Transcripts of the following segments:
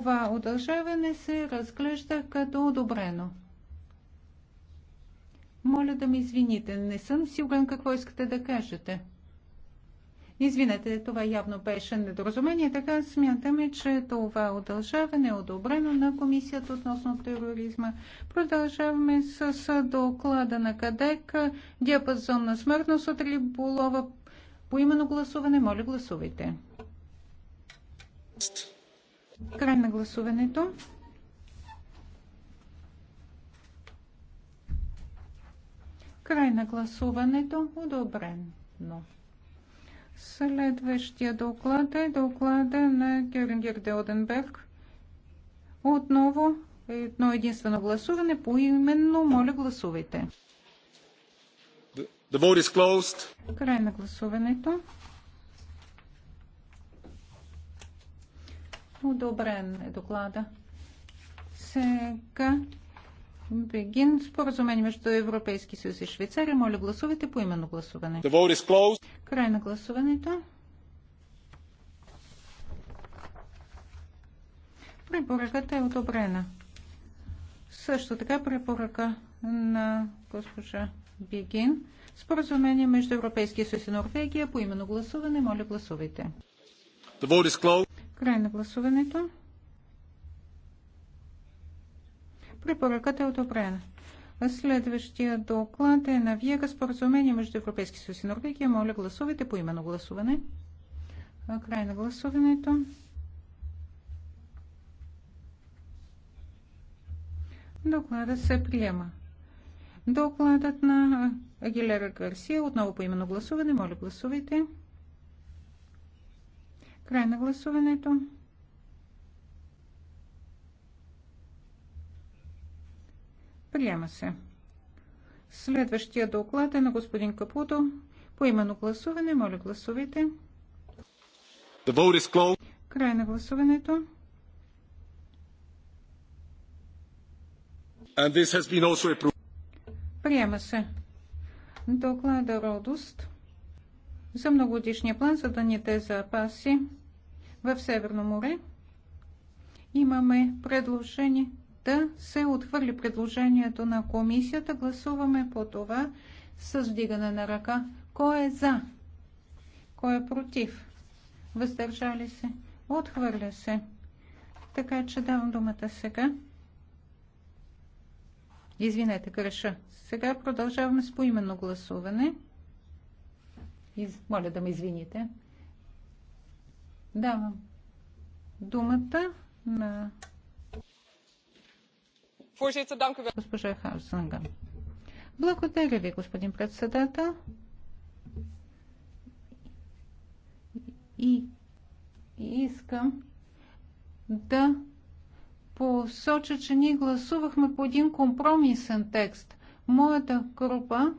това удължаване се разглежда като одобрено. Моля да ме извините, не съм сигурен какво искате да кажете. Извинете, това явно беше недоразумение, така смятаме, че това удължаване е одобрено на Комисията относно тероризма. Продължаваме с доклада на КАДЕК, диапазон на смъртност от риболова. По именно гласуване, моля гласувайте. Край на гласуването. Край на гласуването. Одобрено. Следващия доклад е доклада на Герингер Делденберг. Отново едно единствено гласуване. по именно, моля, гласувайте. The vote is closed. Край на гласуването. одобрен е доклада. Сега Бегин. Споразумение между Европейски съюз и Швейцария. Моля гласувайте по именно гласуване. Край на гласуването. Препоръката е одобрена. Също така препоръка на госпожа Бегин. Споразумение между Европейския съюз и Норвегия по именно гласуване. Моля гласувайте. Край на гласуването. Препоръката е одобрена. Следващия доклад е на Виега споразумение между Европейски съюз и Норвегия. Моля, гласувайте по именно гласуване. Край на гласуването. Доклада се приема. Докладът на Агилера Гарсия отново по именно гласуване. Моля, гласувайте. Край на гласуването. Приема се. Следващия доклад е на господин Капуто. По именно гласуване, моля гласувайте. The vote is closed. Край на гласуването. And this has been also Приема се. Доклада Родост за многодишния план за даните запаси в Северно море. Имаме предложение да се отхвърли предложението на комисията. Гласуваме по това с вдигане на ръка. Кой е за? Кой е против? Въздържали се? Отхвърля се. Така че давам думата сега. Извинете, греша. Сега продължаваме с поименно гласуване. Из... Моля да ме извините. Давам думата на госпожа Хаусанга. Благодаря ви, господин председател. И искам да посоча, че ние гласувахме по един компромисен текст. Моята група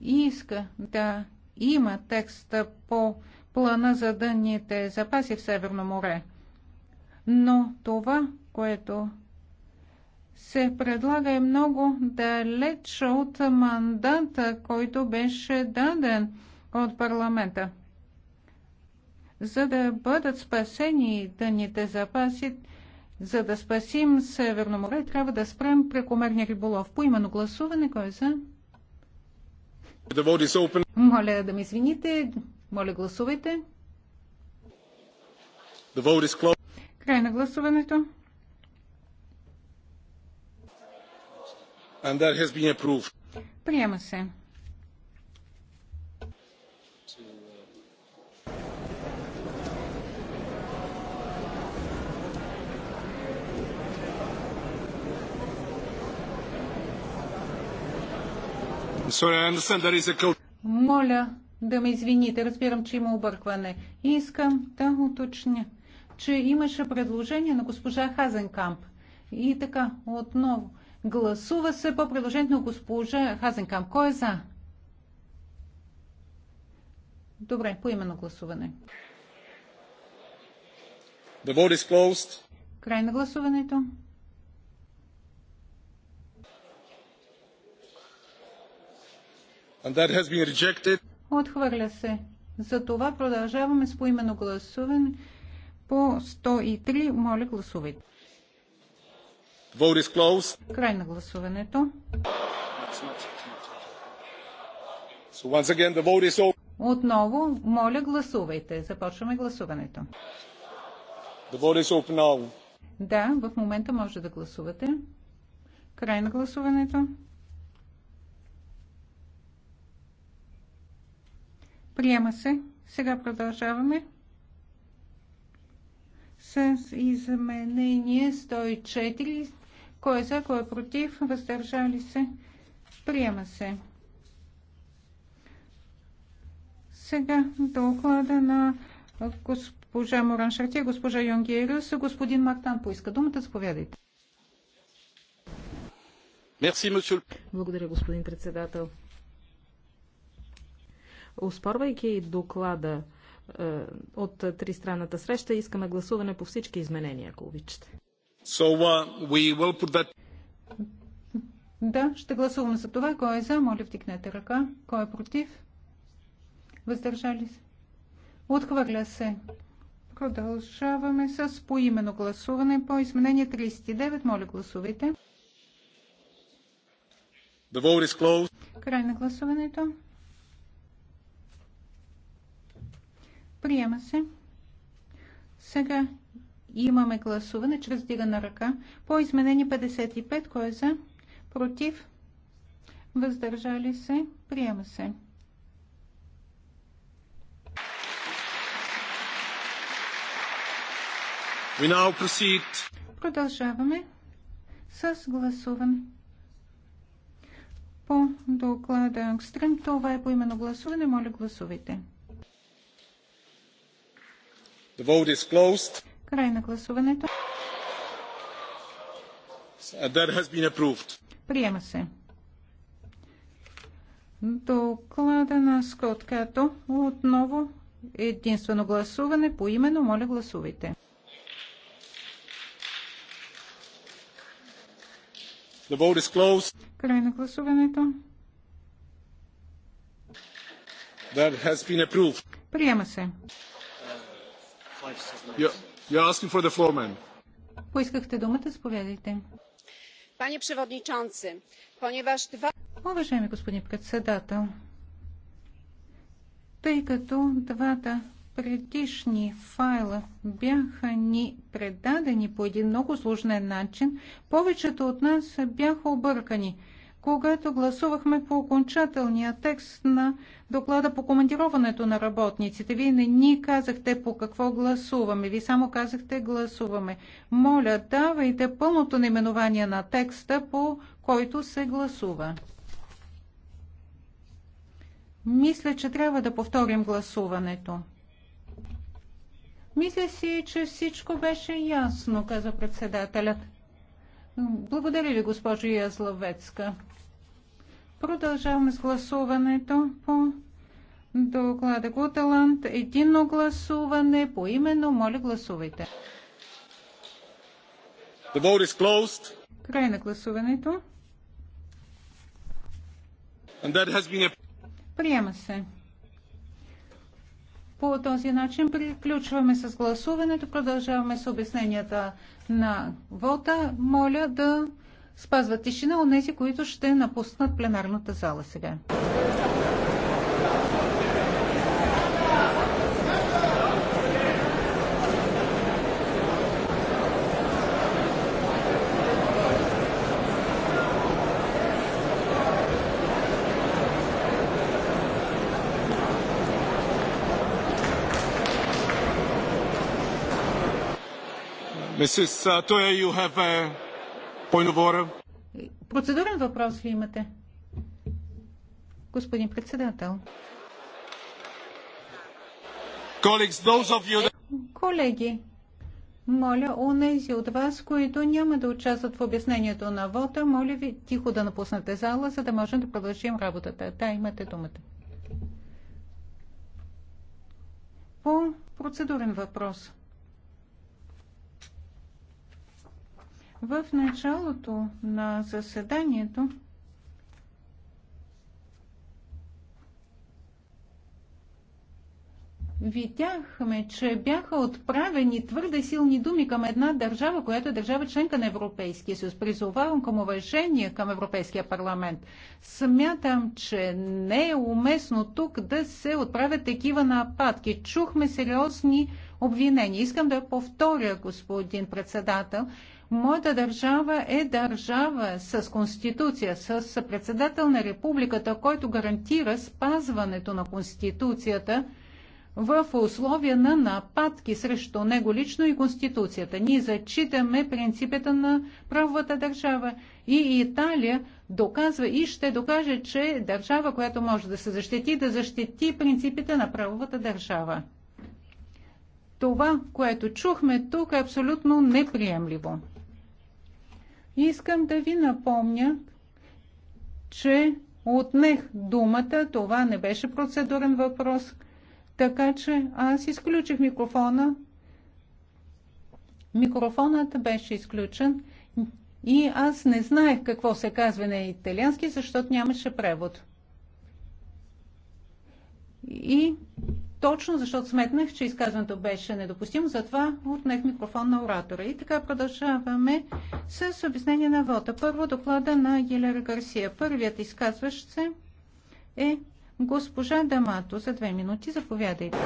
иска да има текста по плана за дънните запаси в Северно море. Но това, което се предлага е много далеч от мандата, който беше даден от парламента. За да бъдат спасени дъните запаси, за да спасим Северно море, трябва да спрем прекомерния риболов. По именно гласуване, кой е за? Моля да ми извините, моля, гласувайте. Край на гласуването. And that has been approved. Приема се. Sorry, I understand there is a code. Моля, да ме извините, разбирам, че има объркване. Искам да уточня, че имаше предложение на госпожа Хазенкамп. И така, отново. Гласува се по предложението на госпожа Хазенкамп. Кой е за? Добре, по именно гласуване. The vote is closed. Край на гласуването. And that has been rejected. Отхвърля се. Затова продължаваме с поименно гласуване по 103. Моля, гласувайте. Vote is closed. Край на гласуването. So once again, the vote is over. Отново, моля, гласувайте. Започваме гласуването. The vote is open now. Да, в момента може да гласувате. Край на гласуването. Приема се. Сега продължаваме с изменение 104. Кой е за, кой е против, въздържали се. Приема се. Сега доклада на госпожа Моран Шартия, госпожа Йонгерус, господин Мактан поиска думата. Заповядайте. Благодаря, господин председател. Успорвайки доклада е, от тристранната среща, искаме гласуване по всички изменения, ако обичате. So, uh, that... Да, ще гласуваме за това. Кой е за, моля втикнете ръка. Кой е против? Въздържали се? Отхвърля се. Продължаваме с поимено гласуване по изменение 39. Моля, гласувайте. Край на гласуването. Приема се. Сега имаме гласуване чрез на ръка по изменение 55, кой е за, против, въздържали се, приема се. We now proceed. Продължаваме с гласуване. По доклада Ангстрем, това е по именно гласуване. Моля, гласувайте. The vote is closed. Край на гласуването. And that has been approved. Приема се. Доклада на Скот Като отново единствено гласуване по именно. Моля, гласувайте. The vote is closed. Край на гласуването. That has been approved. Приема се. Поискахте думата, сповядайте. Уважаеми господин председател, тъй като двата предишни файла бяха ни предадени по един много сложен начин, повечето от нас бяха объркани – когато гласувахме по окончателния текст на доклада по командироването на работниците. Вие не ни казахте по какво гласуваме, вие само казахте гласуваме. Моля, давайте пълното наименование на текста, по който се гласува. Мисля, че трябва да повторим гласуването. Мисля си, че всичко беше ясно, каза председателят. Благодаря ви, госпожо Язловецка. Продължаваме с гласуването по доклада Гуталант. Единно гласуване по именно. Моля, гласувайте. The vote is closed. Край на гласуването. And that has been a... Приема се. По този начин приключваме с гласуването. Продължаваме с обясненията на вота. Моля да спазват тишина от тези, които ще напуснат пленарната зала сега. Mrs. you have a point of order. Процедурен въпрос ли имате? Господин председател. Колеги, моля онези от вас, които няма да участват в обяснението на вота, моля ви тихо да напуснете зала, за да можем да продължим работата. Да, имате думата. По процедурен въпрос. В началото на заседанието видяхме, че бяха отправени твърде силни думи към една държава, която е държава членка на Европейския съюз. Призовавам към уважение към Европейския парламент. Смятам, че не е уместно тук да се отправят такива нападки. Чухме сериозни обвинения. Искам да повторя, господин председател, Моята държава е държава с конституция, с председател на републиката, който гарантира спазването на конституцията в условия на нападки срещу него лично и Конституцията. Ние зачитаме принципите на правовата държава и Италия доказва и ще докаже, че е държава, която може да се защити, да защити принципите на правовата държава. Това, което чухме тук, е абсолютно неприемливо. Искам да ви напомня, че отнех думата. Това не беше процедурен въпрос. Така че аз изключих микрофона. Микрофонът беше изключен и аз не знаех какво се казва на италиански, защото нямаше превод. И точно защото сметнах, че изказването беше недопустимо, затова отнех микрофон на оратора. И така продължаваме с обяснение на вота. Първо доклада на Гилера Гарсия. Първият изказващ се е госпожа Дамато. За две минути заповядайте.